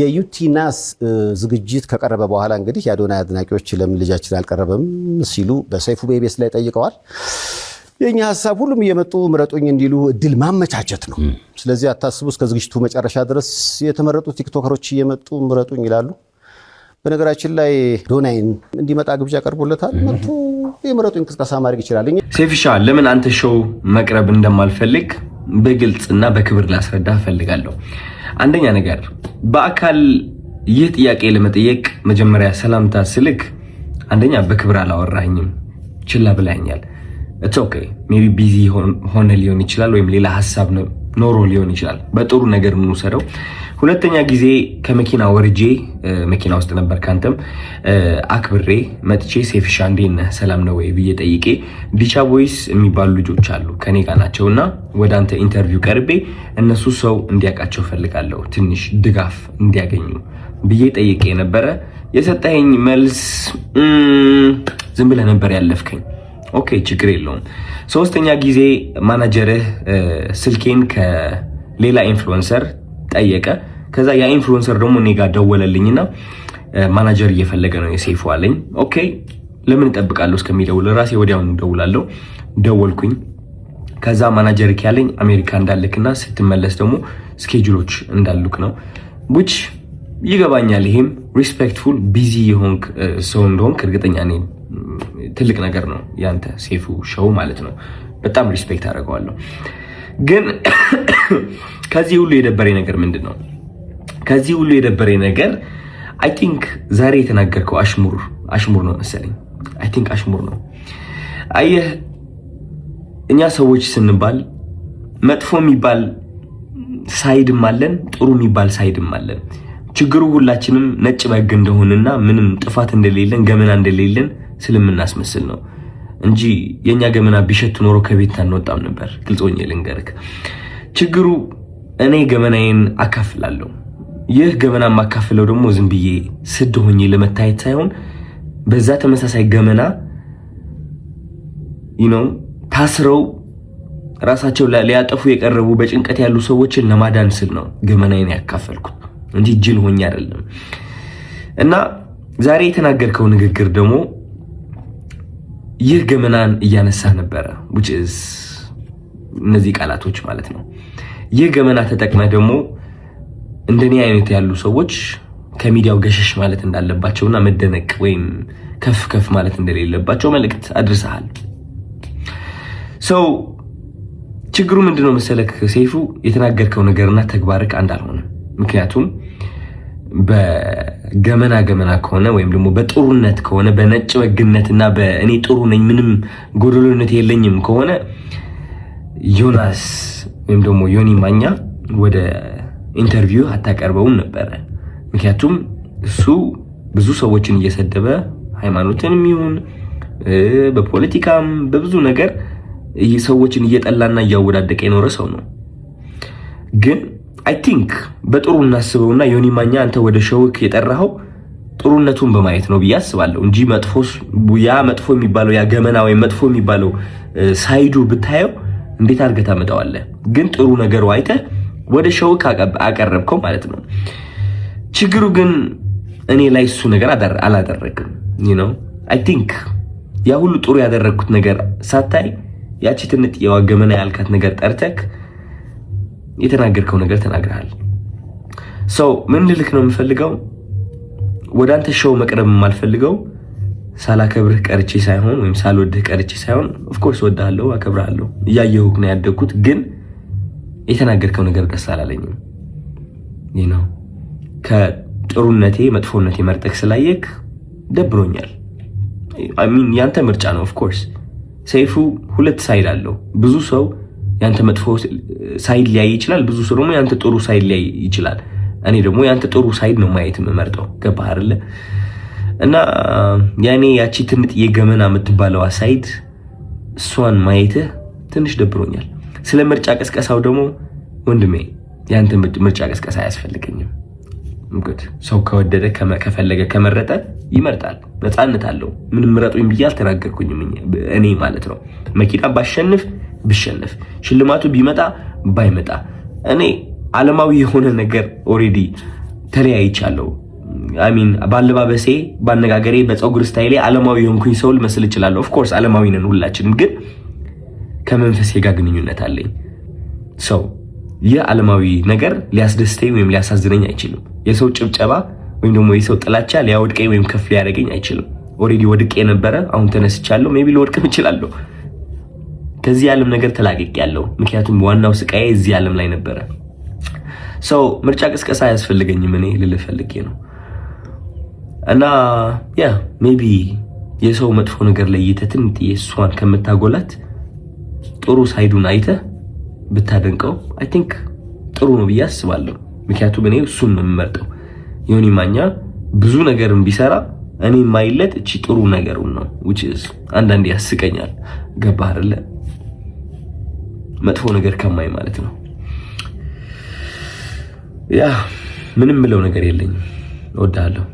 የዩቲናስ ዝግጅት ከቀረበ በኋላ እንግዲህ የአዶናይ አድናቂዎች ለምን ልጃችን አልቀረበም ሲሉ በሰይፉ ቤቤስ ላይ ጠይቀዋል። የእኛ ሀሳብ ሁሉም እየመጡ ምረጡኝ እንዲሉ እድል ማመቻቸት ነው። ስለዚህ አታስቡ፣ እስከ ዝግጅቱ መጨረሻ ድረስ የተመረጡ ቲክቶከሮች እየመጡ ምረጡኝ ይላሉ። በነገራችን ላይ ዶናይን እንዲመጣ ግብዣ ቀርቦለታል። መጡ የምረጡኝ ቅስቀሳ ማድረግ ይችላል። ሴፍሻ ለምን አንተ ሾው መቅረብ እንደማልፈልግ በግልጽና በክብር ላስረዳ እፈልጋለሁ። አንደኛ ነገር በአካል ይህ ጥያቄ ለመጠየቅ መጀመሪያ ሰላምታ ስልክ፣ አንደኛ በክብር አላወራኝም፣ ችላ ብላኛል። ኦኬ ቢ ቢዚ ሆነ ሊሆን ይችላል፣ ወይም ሌላ ሀሳብ ኖሮ ሊሆን ይችላል። በጥሩ ነገር የምንውሰደው ሁለተኛ ጊዜ ከመኪና ወርጄ መኪና ውስጥ ነበር። ካንተም አክብሬ መጥቼ ሴፍሻ እንዴት ነህ ሰላም ነው ወይ ብዬ ጠይቄ ዲቻ ቦይስ የሚባሉ ልጆች አሉ ከኔ ጋር ናቸው እና ወደ አንተ ኢንተርቪው ቀርቤ እነሱ ሰው እንዲያውቃቸው ፈልጋለሁ ትንሽ ድጋፍ እንዲያገኙ ብዬ ጠይቄ ነበረ። የሰጠኸኝ መልስ ዝም ብለህ ነበር ያለፍከኝ። ኦኬ ችግር የለውም። ሶስተኛ ጊዜ ማናጀርህ ስልኬን ከሌላ ኢንፍሉዌንሰር ጠየቀ። ከዛ ያ ደግሞ እኔ ጋር ደወለልኝና ማናጀር እየፈለገ ነው የሴፉ አለኝ። ኦኬ ለምን እጠብቃለሁ እስከሚደውል ራሴ ወዲያውኑ ደውላለሁ። ደወልኩኝ። ከዛ ማናጀር ያለኝ አሜሪካ እንዳልክና ስትመለስ ደግሞ ስኬጁሎች እንዳሉክ ነው ዊች ይገባኛል። ይሄም ሪስፔክትፉል ቢዚ የሆንክ ሰው እንደሆንክ እርግጠኛ ነኝ። ትልቅ ነገር ነው ያንተ ሴፉ ሸው ማለት ነው። በጣም ሪስፔክት አደርገዋለሁ። ግን ከዚህ ሁሉ የደበረኝ ነገር ምንድን ነው? ከዚህ ሁሉ የደበረ ነገር አይ ቲንክ ዛሬ የተናገርከው አሽሙር አሽሙር ነው መሰለኝ። አይ ቲንክ አሽሙር ነው። አየህ እኛ ሰዎች ስንባል መጥፎ የሚባል ሳይድም አለን፣ ጥሩ የሚባል ሳይድም አለን። ችግሩ ሁላችንም ነጭ በግ እንደሆንና ምንም ጥፋት እንደሌለን ገመና እንደሌለን ስለምናስመስል ነው እንጂ የእኛ ገመና ቢሸት ኖሮ ከቤት አንወጣም ነበር። ግልጾኝ ልንገርክ፣ ችግሩ እኔ ገመናዬን አካፍላለሁ ይህ ገመና የማካፍለው ደግሞ ዝም ብዬ ስድ ሆኜ ለመታየት ሳይሆን በዛ ተመሳሳይ ገመና ነው ታስረው ራሳቸው ሊያጠፉ የቀረቡ በጭንቀት ያሉ ሰዎችን ለማዳን ስል ነው ገመናዬን ያካፈልኩት እንጂ ጅል ሆኜ አይደለም። እና ዛሬ የተናገርከው ንግግር ደግሞ ይህ ገመናን እያነሳ ነበረ። እነዚህ ቃላቶች ማለት ነው። ይህ ገመና ተጠቅመህ ደግሞ እንደኔ አይነት ያሉ ሰዎች ከሚዲያው ገሸሽ ማለት እንዳለባቸውና መደነቅ ወይም ከፍ ከፍ ማለት እንደሌለባቸው መልእክት አድርሰሃል። ሰው ችግሩ ምንድነው መሰለክ ሰይፉ፣ የተናገርከው ነገርና ተግባርክ አንድ አልሆነ። ምክንያቱም በገመና ገመና ከሆነ ወይም ደግሞ በጥሩነት ከሆነ በነጭ በግነትና በእኔ ጥሩ ነኝ ምንም ጎደሎነት የለኝም ከሆነ ዮናስ ወይም ደግሞ ዮኒ ማኛ ወደ ኢንተርቪው አታቀርበውም ነበረ። ምክንያቱም እሱ ብዙ ሰዎችን እየሰደበ ሃይማኖትንም ይሁን በፖለቲካም በብዙ ነገር ሰዎችን እየጠላና እያወዳደቀ የኖረ ሰው ነው። ግን አይ ቲንክ በጥሩ እናስበውና ዮኒ ማኛ አንተ ወደ ሸውክ የጠራኸው ጥሩነቱን በማየት ነው ብዬ አስባለሁ እንጂ ያ መጥፎ የሚባለው ያ ገመና ወይም መጥፎ የሚባለው ሳይዱ ብታየው እንዴት አድርገህ ታመጣዋለህ? ግን ጥሩ ነገሩ አይተህ ወደ ሸውክ አቀረብከው ማለት ነው። ችግሩ ግን እኔ ላይ እሱ ነገር አላደረግም ነው። አይ ቲንክ ያ ሁሉ ጥሩ ያደረግኩት ነገር ሳታይ ያቺ ትንጥ የዋገመና ያልካት ነገር ጠርተክ የተናገርከው ነገር ተናግረሃል። ሰው ምን ልልክ ነው የምፈልገው ወደ አንተ ሸው መቅረብ የማልፈልገው ሳላከብርህ ቀርቼ ሳይሆን ወይም ሳልወድህ ቀርቼ ሳይሆን፣ ኦፍኮርስ ወድሃለሁ፣ አከብርሃለሁ እያየሁህ ነው ያደግኩት ግን የተናገርከው ነገር ደስ አላለኝም ነው ከጥሩነቴ መጥፎነቴ መርጠክ ስላየክ ደብሮኛል። ሚን ያንተ ምርጫ ነው። ኦፍኮርስ ሰይፉ ሁለት ሳይድ አለው። ብዙ ሰው ያንተ መጥፎ ሳይድ ሊያይ ይችላል፣ ብዙ ሰው ደግሞ ያንተ ጥሩ ሳይድ ሊያይ ይችላል። እኔ ደግሞ ያንተ ጥሩ ሳይድ ነው ማየት የምመርጠው። ገባህ አይደለ? እና ያኔ ያቺ ትምጥ የገመና የምትባለዋ ሳይድ እሷን ማየትህ ትንሽ ደብሮኛል። ስለ ምርጫ ቀስቀሳው ደግሞ ወንድሜ ያንተ ምርጫ ቀስቀሳ አያስፈልገኝም። ሰው ከወደደ ከፈለገ ከመረጠ ይመርጣል። ነፃነት አለው። ምንም ምረጡኝ ብዬ አልተናገርኩኝም እኔ ማለት ነው። መኪና ባሸንፍ ብሸንፍ፣ ሽልማቱ ቢመጣ ባይመጣ እኔ ዓለማዊ የሆነ ነገር ኦሬዲ ተለያይቻለሁ። አሚን ባለባበሴ፣ ባነጋገሬ፣ በፀጉር ስታይሌ ዓለማዊ የሆንኩኝ ሰው ልመስል እችላለሁ። ኦፍኮርስ ዓለማዊ ነን ሁላችንም ግን ከመንፈሴ ጋር ግንኙነት አለኝ። ሰው ይህ ዓለማዊ ነገር ሊያስደስተኝ ወይም ሊያሳዝነኝ አይችልም። የሰው ጭብጨባ ወይም ደግሞ የሰው ጥላቻ ሊያወድቀኝ ወይም ከፍ ሊያደርገኝ አይችልም። ኦልሬዲ ወድቄ የነበረ አሁን ተነስቻለሁ። ሜቢ ልወድቅም እችላለሁ። ከዚህ ዓለም ነገር ያለው ምክንያቱም ዋናው ስቃዬ እዚህ ዓለም ላይ ነበረ። ሰው ምርጫ ቅስቀሳ አያስፈልገኝም እኔ ልልህ ነው። እና ያ የሰው መጥፎ ነገር ለይተህ እሷን ከምታጎላት ጥሩ ሳይዱን አይተህ ብታደንቀው አይ ቲንክ ጥሩ ነው ብዬ አስባለሁ። ምክንያቱም እኔ እሱን ነው የምመርጠው። ዮኒ ማኛ ብዙ ነገርን ቢሰራ እኔ ማይለት እቺ ጥሩ ነገሩ ነው which is አንዳንዴ ያስቀኛል። ገባህ አይደለ? መጥፎ ነገር ከማይ ማለት ነው። ያ ምንም ምለው ነገር የለኝም። እወድሃለሁ።